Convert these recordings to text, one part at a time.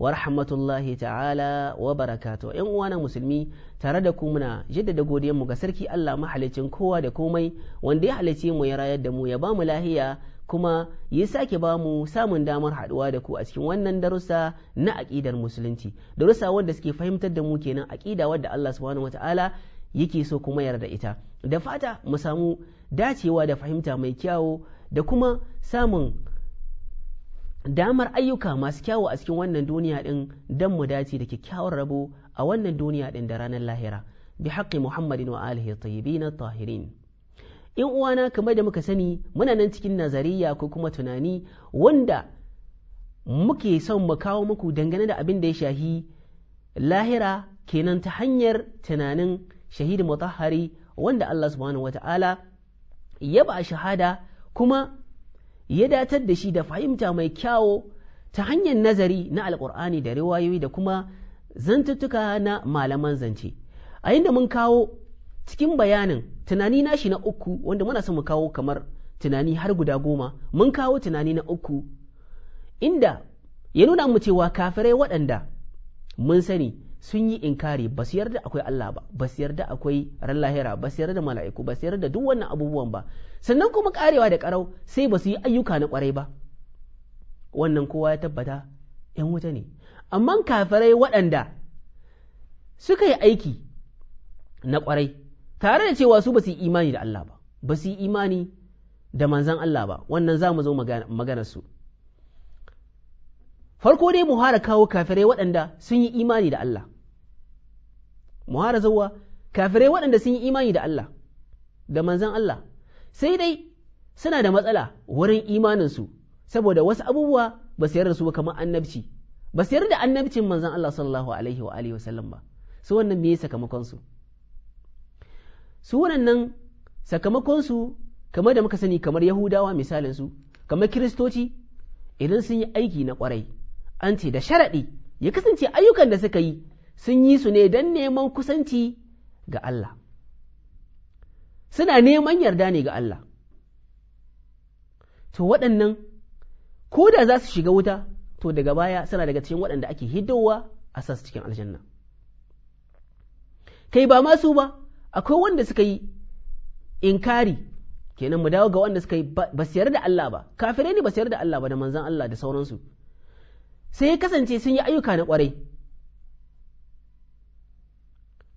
wa rahmatullahi ta'ala wa barakatu yan uwana musulmi tare da ku muna jaddada godiyar mu ga sarki Allah mahalicin kowa da komai wanda ya halice mu ya rayar da mu ya bamu lahiya kuma ya sake ba mu samun damar haduwa da ku a cikin wannan darussa na aƙidar musulunci darussa wanda suke fahimtar da mu kenan aƙida wadda Allah subhanahu wataala yake so kuma yarda ita da fata mu samu dacewa da fahimta mai kyawo da kuma samun damar ayyuka masu kyawu a cikin wannan duniya din dan mu dace da kyakkyawar rabo a wannan duniya din da ranar lahira bi haqqi muhammadin wa alihi tayyibin tahirin in uwana kamar da muka sani muna nan cikin nazariya ko kuma tunani wanda muke son mu kawo muku dangane da abin da ya shahi lahira kenan ta hanyar tunanin shahid mutahhari wanda Allah subhanahu wata'ala ya ba shahada kuma ya datar da shi da fahimta mai kyawo ta hanyar nazari na alkur'ani da riwayoyi da kuma zantuttuka na malaman zance a inda mun kawo cikin bayanin tunani nashi na uku wanda muna son mu kawo kamar tunani har guda goma mun kawo tunani na uku inda ya nuna mu cewa kafirai waɗanda mun sani sun yi inkari ba su yarda akwai Allah ba ba su yarda akwai ran lahira ba su yarda mala'iku ba su yarda duk wannan abubuwan ba sannan kuma karewa da karau sai ba su yi ayyuka na kwarai ba wannan kowa ya tabbata ‘yan wuta ne amma kafirai waɗanda suka yi aiki na kwarai tare da cewa su ba su yi imani da Allah ba ba su yi imani da manzan Allah ba wannan za mu zo magana su farko dai mu fara kawo kafirai waɗanda sun yi imani da Allah muharazawa kafirai waɗanda sun yi imani da Allah da manzan Allah sai dai suna da matsala wurin imaninsu saboda wasu abubuwa ba su yarda su ba kamar annabci ba su yarda annabcin manzan Allah sallallahu alaihi wa alihi wasallam ba su wannan me sakamakon su su wannan sakamakon su kamar da muka sani kamar Yahudawa misalin su kamar Kiristoci idan sun yi aiki na kwarai an ce da sharadi ya kasance ayyukan da suka yi sun yi su ne don neman kusanci ga Allah suna neman yarda ne ga Allah to waɗannan ko da za su shiga wuta to daga baya suna daga cikin waɗanda ake hidowa a sasu cikin aljanna kai ba masu ba akwai wanda suka yi inkari kenan mu dawo ga wanda suka yi ba su yarda Allah ba kafirai ne ba su yarda Allah ba da manzan Allah da sauransu sai ya kasance sun yi ayyuka na kwarai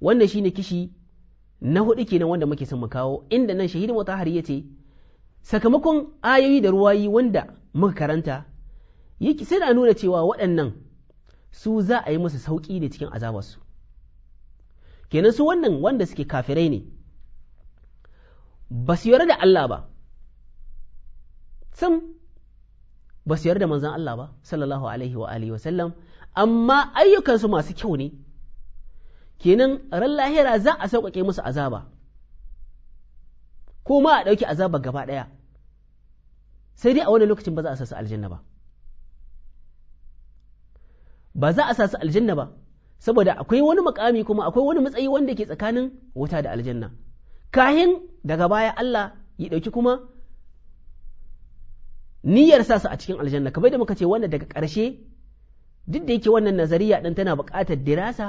wannan shine kishi na hudu kenan wanda muke son mu kawo inda nan shahidin wata yace sakamakon ayoyi da ruwayi wanda muka karanta yake sai da nuna cewa waɗannan su za a yi musu sauƙi da cikin azabarsu kenan su wannan wanda suke kafirai ne ba su yarda da Allah ba sam ba yarda da manzon Allah ba sallallahu alaihi wa alihi wa sallam amma ayyukansu masu kyau ne kenan ran lahira za a sauƙaƙe musu azaba ko ma a ɗauki azaba gaba ɗaya sai dai a wani lokacin ba za a sasu aljanna ba ba za a sasu aljanna ba saboda akwai wani makami kuma akwai wani matsayi wanda ke tsakanin wuta da aljanna kahin daga baya Allah ya ɗauki kuma niyyar sa a cikin aljanna kamar da muka ce wanda daga ƙarshe duk da yake wannan nazariya ɗin tana buƙatar dirasa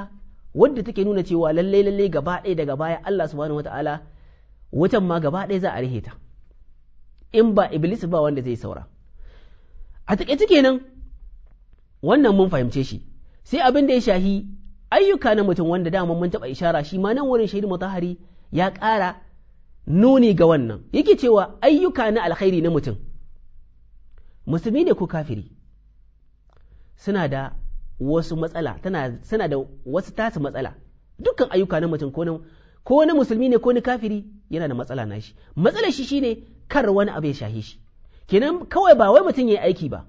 wadda take nuna cewa lallai lallai gaba ɗaya daga baya Allah subhanahu wata'ala watan ma gaba ɗaya za a rihe ta in ba iblis ba wanda zai saura a taƙaice kenan wannan mun fahimce shi sai abin da ya shahi ayyuka na mutum wanda dama mun taɓa ishara shi ma nan wurin shaidu mutahari ya ƙara nuni ga wannan yake cewa ayyuka na alkhairi na mutum musulmi ne ko kafiri suna da wasu matsala tana suna da wasu tasu matsala dukkan ayyuka na mutum ko na ko na musulmi ne ko na kafiri yana da matsala na shi matsalar shi shine kar wani abu ya shahe shi kenan kawai ba wai mutum yayi aiki ba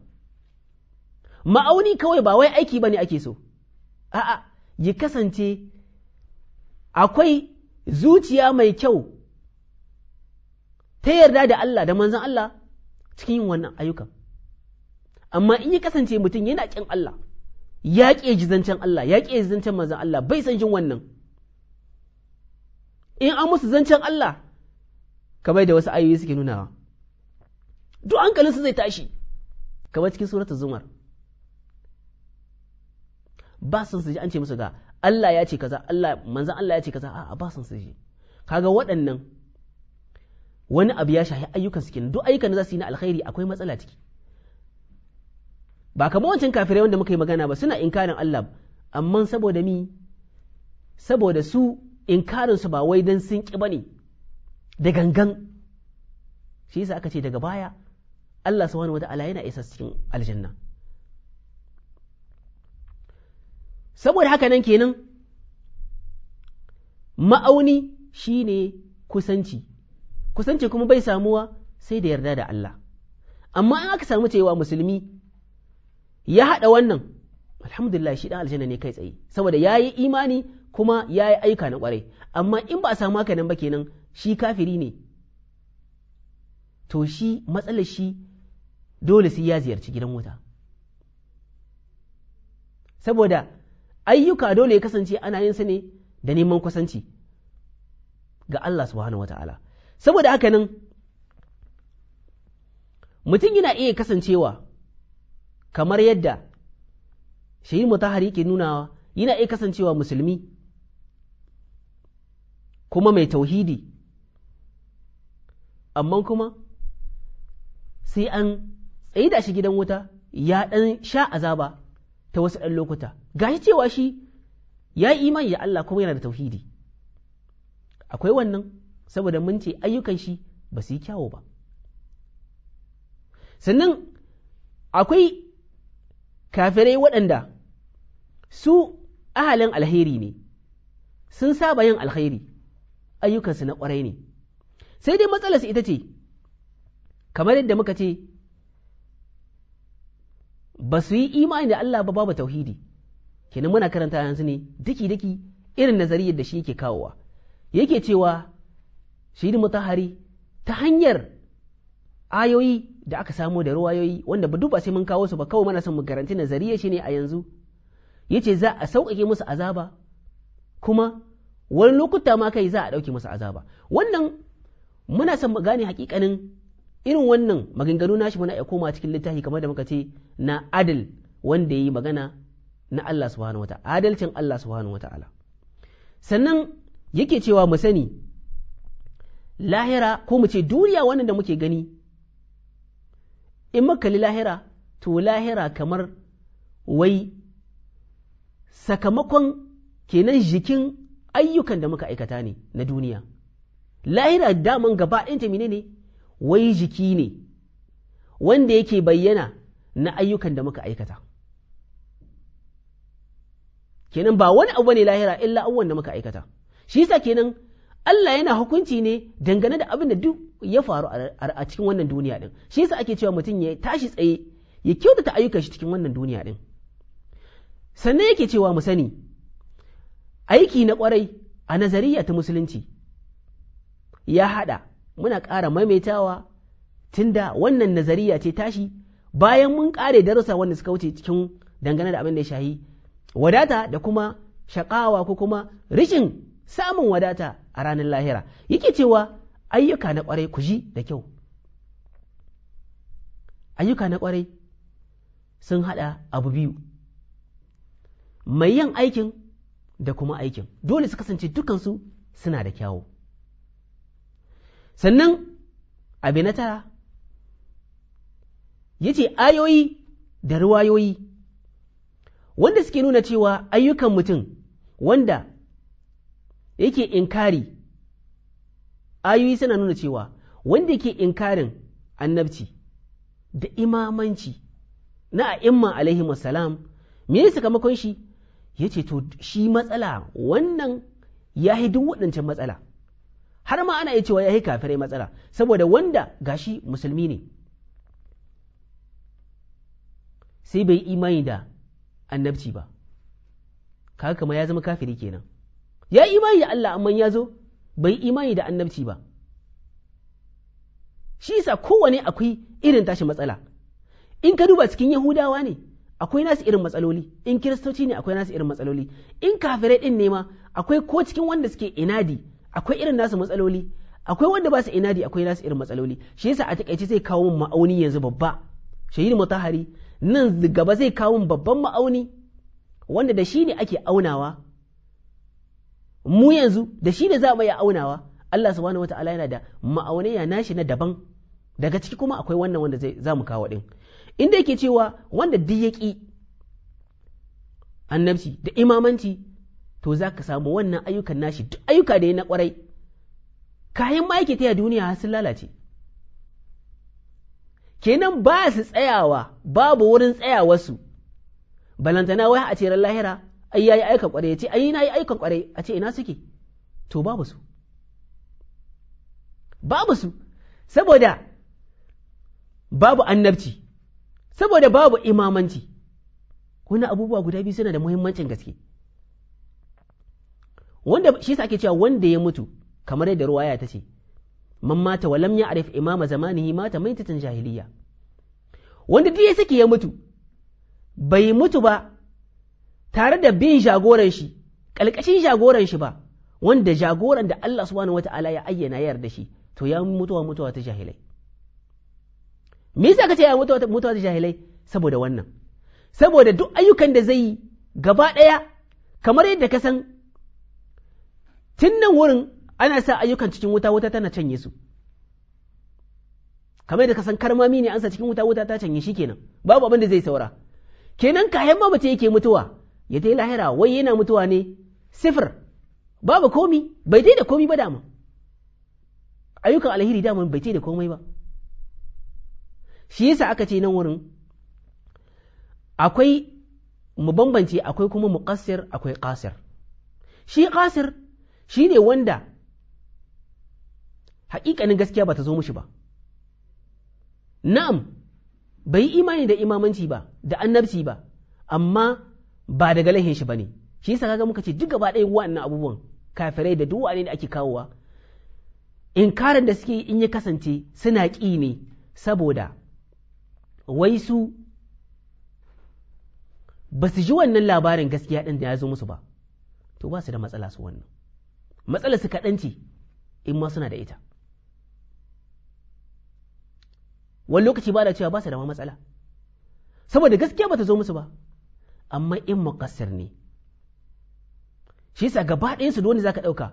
ma'auni kawai ba wai aiki bane ake so a'a ya kasance akwai zuciya mai kyau ta yarda da Allah da manzon Allah cikin yin wannan ayyukan amma in ya kasance mutum yana ƙin Allah ya ƙe zancen Allah ya ƙe zancen manzan Allah bai san jin wannan in an musu zancen Allah kamar da wasu ayoyi suke nunawa duk su zai tashi kamar cikin surata zumar ba san su ji an ce musu ga Allah ya ce kaza Allah manzan Allah ya ce kaza a'a ba san su ji kaga waɗannan wani abu ya shahi ayyukan su kenan duk ayyukan da za su yi na alkhairi akwai matsala ciki ba kamar wancan kafirai wanda muka yi magana ba suna inkarin Allah amma saboda mi saboda su inkarin su ba wai dan sun ki bane da gangan shi yasa aka ce daga baya Allah subhanahu ta'ala yana isa cikin aljanna saboda haka nan kenan ma'auni shine kusanci kusanci kuma bai samuwa sai da yarda da Allah amma in aka samu cewa musulmi ya haɗa wannan alhamdulillah shi ɗan aljanna ne kai tsaye saboda ya yi imani kuma ya yi aika na kwarai amma in ba a samu haka nan ba kenan shi kafiri ne to shi matsalar shi dole sai ya ziyarci gidan wuta saboda ayyuka dole ya kasance ana yin sa ne da neman kusanci ga Allah subhanahu wata'ala saboda haka nan mutum yana iya kasancewa kamar yadda shahid mutahari ke nunawa yana iya kasancewa musulmi kuma mai tauhidi amma kuma sai an tsaye da shi gidan wuta ya ɗan sha azaba ta wasu ɗan lokuta shi cewa shi ya yi imani da Allah kuma yana da tauhidi akwai wannan saboda mun ce ayyukan shi ba su yi kyawo ba sannan akwai kafirai waɗanda su ahalin alheri ne sun saba yin alheri ayyukansu na ƙwarai ne sai dai matsalarsu ita ce kamar yadda muka ce ba su yi imani da Allah ba babu tauhidi kenan muna karanta yanzu ne daki-daki irin nazariyar da shi yake kawowa yake cewa shi mutahari ta hanyar ayoyi da aka samo da ruwayoyi wanda ba duba sai mun kawo su ba kawai mana son mu garanti nazariya shi ne a yanzu yace za a sauƙaƙe musu azaba kuma wani lokuta ma kai za a ɗauke musu azaba wannan muna son mu gane hakikanin irin wannan maganganu nashi muna iya koma cikin littafi kamar da muka ce na adil wanda yi magana na Allah subhanahu wata adalcin Allah subhanahu wata'ala sannan yake cewa mu sani lahira ko mu ce duniya wannan da muke gani in makali lahira to lahira kamar wai sakamakon kenan jikin ayyukan da muka aikata ne na duniya lahira daman gaba ɗinta mine ne wai jiki ne wanda yake bayyana na ayyukan da muka aikata kenan ba wani abu ne lahira illa abubuwan da muka aikata shi yasa kenan Allah yana hukunci ne dangane da abin da duk ya faru a cikin wannan duniya din shi yasa ake cewa mutum ya tashi tsaye ya kyautata ayyukan shi cikin wannan duniya din sannan yake cewa mu sani aiki na kwarai a nazariya ta musulunci ya haɗa muna ƙara maimaitawa tunda wannan nazariya ce tashi bayan mun ƙare darussa wanda suka wuce cikin dangane da abin da ya shahi wadata da kuma shakawa ko kuma rishin samun wadata a ranar lahira yake cewa ayyuka na kwarai ku ji da kyau ayyuka na kwarai sun hada abu biyu mai yin aikin da kuma aikin dole su kasance dukansu suna da kyawu sannan abu na tara ya ce ayoyi da ruwayoyi wanda suke nuna cewa ayyukan mutum wanda yake inkari ayoyi suna nuna cewa wanda yake inkarin annabci da imamanci na imma alaihi wasalam me ya sakamakon shi ya ce to shi matsala wannan ya yi duk waɗancan matsala har ma ana iya cewa ya yi kafirai matsala saboda wanda gashi musulmi ne sai bai imani da annabci ba kaga kama ya zama kafiri kenan ya yi imani da Allah amma ya zo bai yi imani da annabci ba shi sa kowane akwai irin tashi matsala in ka duba cikin yahudawa ne akwai nasu irin matsaloli in kiristoci ne akwai nasu irin matsaloli in kafirai din ne ma akwai ko cikin wanda suke inadi akwai irin nasu matsaloli akwai wanda ba su inadi akwai nasu irin matsaloli shi yasa a takaice zai kawo min ma'auni yanzu babba shahid mutahari nan gaba zai kawo min babban ma'auni wanda da shi ne ake aunawa mu yanzu da shi ne za mu iya aunawa Allah subhanahu ta'ala yana da ma'auniya nashi na daban daga ciki kuma akwai wannan wanda zai za mu kawo din inda yake cewa wanda duk ya ƙi annabci da imamanci to za ka samu wannan ayyukan nashi duk ayyuka da yana kwarai kayan ma yake taya duniya sun lalace kenan ba su tsayawa babu wurin tsayawarsu balantana wai a ce lahira ai yayi aika kwarai ya ai na yi aika kwarai a ce ina suke to babu su babu su saboda babu annabci saboda babu imamanci wani abubuwa guda biyu suna da muhimmancin gaske wanda shi sa ake cewa wanda ya mutu kamar yadda ruwaya ta ce man mata walam ya arif imama zamanihi mata maitatan jahiliya wanda duk ya suke ya mutu bai mutu ba tare da bin jagoran shi ƙalƙashin jagoran shi ba wanda jagoran da Allah subhanahu wata'ala ya ayyana yar da shi to ya mutuwa mutuwa ta jahilai me yasa kace ya mutuwa mutuwa ta jahilai saboda wannan saboda duk ayyukan da zai yi gaba ɗaya kamar yadda ka san tun nan wurin ana sa ayyukan cikin wuta wuta tana canye su kamar yadda ka san karmami ne an sa cikin wuta wuta ta canye shi kenan babu abin da zai saura kenan kayan mamace yake mutuwa ya dai lahira wai yana mutuwa ne sifir babu komi bai dai da komi ba dama ayyukan alheri dama bai dai da komai ba shi yasa aka ce nan wurin akwai mu bambance akwai kuma mu muqassir akwai qasir shi qasir shi ne wanda haƙiƙanin gaskiya ba ta zo mushi ba na'am bai yi imani da imamanci ba da annabci ba amma ba daga lahin shi bane shi yasa kaga muka ce duk gaba ɗayan wa'annan abubuwan kafirai da duk wa'annan da ake kawowa inkarin da suke in ya kasance suna ƙi ne saboda wai su ba su ji wannan labarin gaskiya ɗin da ya zo musu ba to ba su da matsala su wannan matsala su kaɗanci in ma suna da ita wani lokaci ba da cewa ba su da ma matsala saboda gaskiya ba ta zo musu ba amma in muqassir ne shi yasa gaba ɗayan su dole zaka ɗauka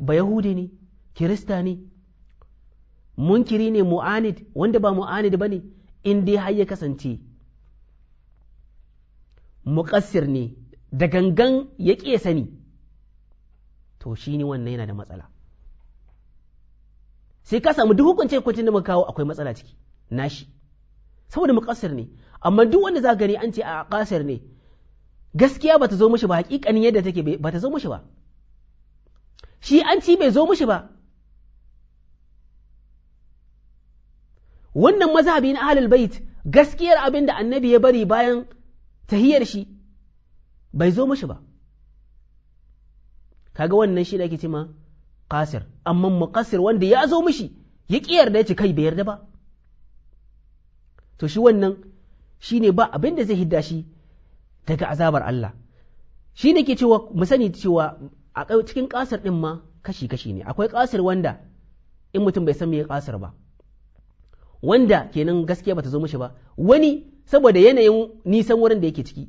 ba yahudi ne kirista ne munkiri ne mu'anid wanda ba mu'anid ne in dai har ya kasance muƙasir ne da gangan ya ƙi sani to shi ne wannan yana da matsala sai ka samu duk hukunce hukuncin da muka kawo akwai matsala ciki nashi saboda muƙasir ne amma duk wanda za gani an ce a kasar ne gaskiya bata zo mushi ba hakikanin yadda take bata zo mushi ba shi an ci bai zo mushi ba wannan mazhabi na ahlul bait gaskiyar abin da annabi ya bari bayan tahiyar shi bai zo mushi ba kaga wannan shi da ake cema kasir amma muqassir wanda ya zo mushi ya kiyar yarda ya ci kai bai yarda ba to shi wannan Shi ne ba abin da zai hidda shi daga azabar Allah shi ne ke cewa mu sani cewa a cikin kasar din ma kashi kashi ne akwai ƙasar wanda in mutum bai san me kasar ba wanda kenan gaskiya bata zo mishi ba wani saboda yanayin nisan wurin da yake ciki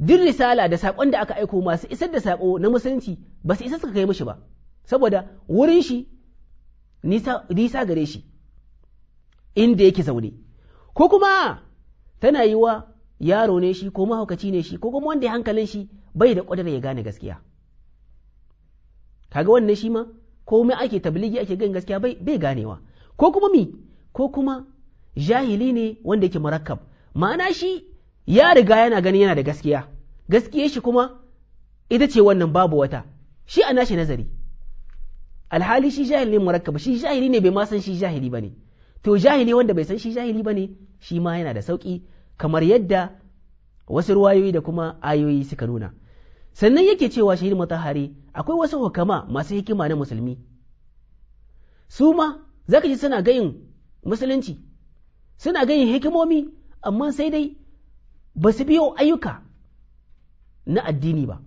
duk risala da saƙon da aka aiko masu isar da saƙo na musulunci ba su isa suka kai mishi ba saboda wurin shi nisa gare shi inda yake zaune ko kuma tana yi wa yaro ne shi ko mahaukaci ne shi ko kuma wanda ya hankalin shi bai da ƙwadar ya gane gaskiya kaga wannan shi ma ko mai ake tabligi ake gan gaskiya bai bai ganewa ko kuma mi ko kuma jahili ne wanda yake murakkab ma'ana shi ya riga yana ganin yana da gaskiya gaskiyar shi kuma ita ce wannan babu wata shi a nashi nazari alhali shi jahili ne murakkab shi jahili ne bai ma san shi jahili bane to jahili wanda bai san shi jahili ba ne shi ma yana da sauki. kamar yadda wasu ruwayoyi da kuma ayoyi suka nuna sannan yake cewa shahid matahari akwai wasu hukama masu hikima na musulmi su ma za ka ji suna gayin musulunci suna gayin hikimomi amma sai dai ba su biyo ayyuka na addini ba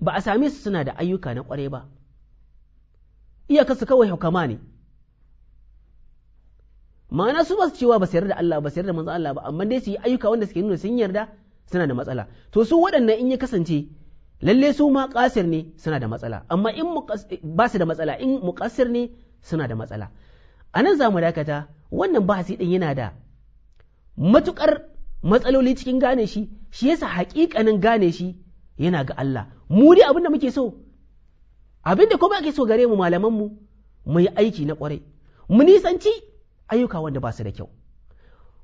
ba a same su suna da ayyuka na ƙwarai ba iyakarsu kawai hukama ne ma'ana su ba su cewa ba su yarda da Allah ba su yarda da manzo Allah ba amma dai su yi ayyuka wanda suke nuna sun yarda suna da matsala to su waɗannan in ya kasance lalle su ma kasir ne suna da matsala amma in ba su da matsala in muqassir ne suna da matsala a nan za mu dakata wannan bahasi ɗin yana da matukar matsaloli cikin gane shi shi yasa haƙiƙanin gane shi yana ga Allah mu dai abin da muke so abin da kuma ake so gare mu malaman mu mu yi aiki na kwarai mu nisanci ayyuka wanda ba su da kyau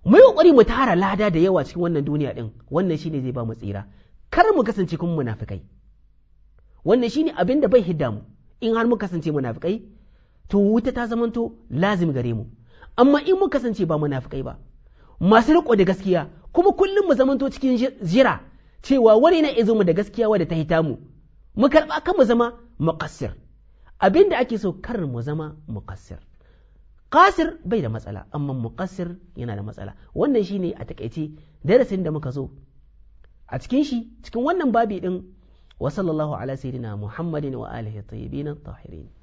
mu yi mu tara lada da yawa cikin wannan duniya din wannan shine zai ba mu tsira kar mu kasance kun munafikai wannan shine abin da bai hidda mu in har mu kasance munafikai to wuta ta zamanto lazim gare mu amma in mu kasance ba munafikai ba masu riko da gaskiya kuma kullum mu zamanto cikin jira cewa wani na izo mu da gaskiya wadda ta hita mu mu karba kan mu zama muqassir abin da ake so kar mu zama muqassir mukasir bai da matsala amma muqassir yana da matsala wannan shine a takaice darasin da muka zo a cikin shi cikin wannan babi din wa sallallahu ala sayyidina muhammadin wa alihi tayyibin tahirin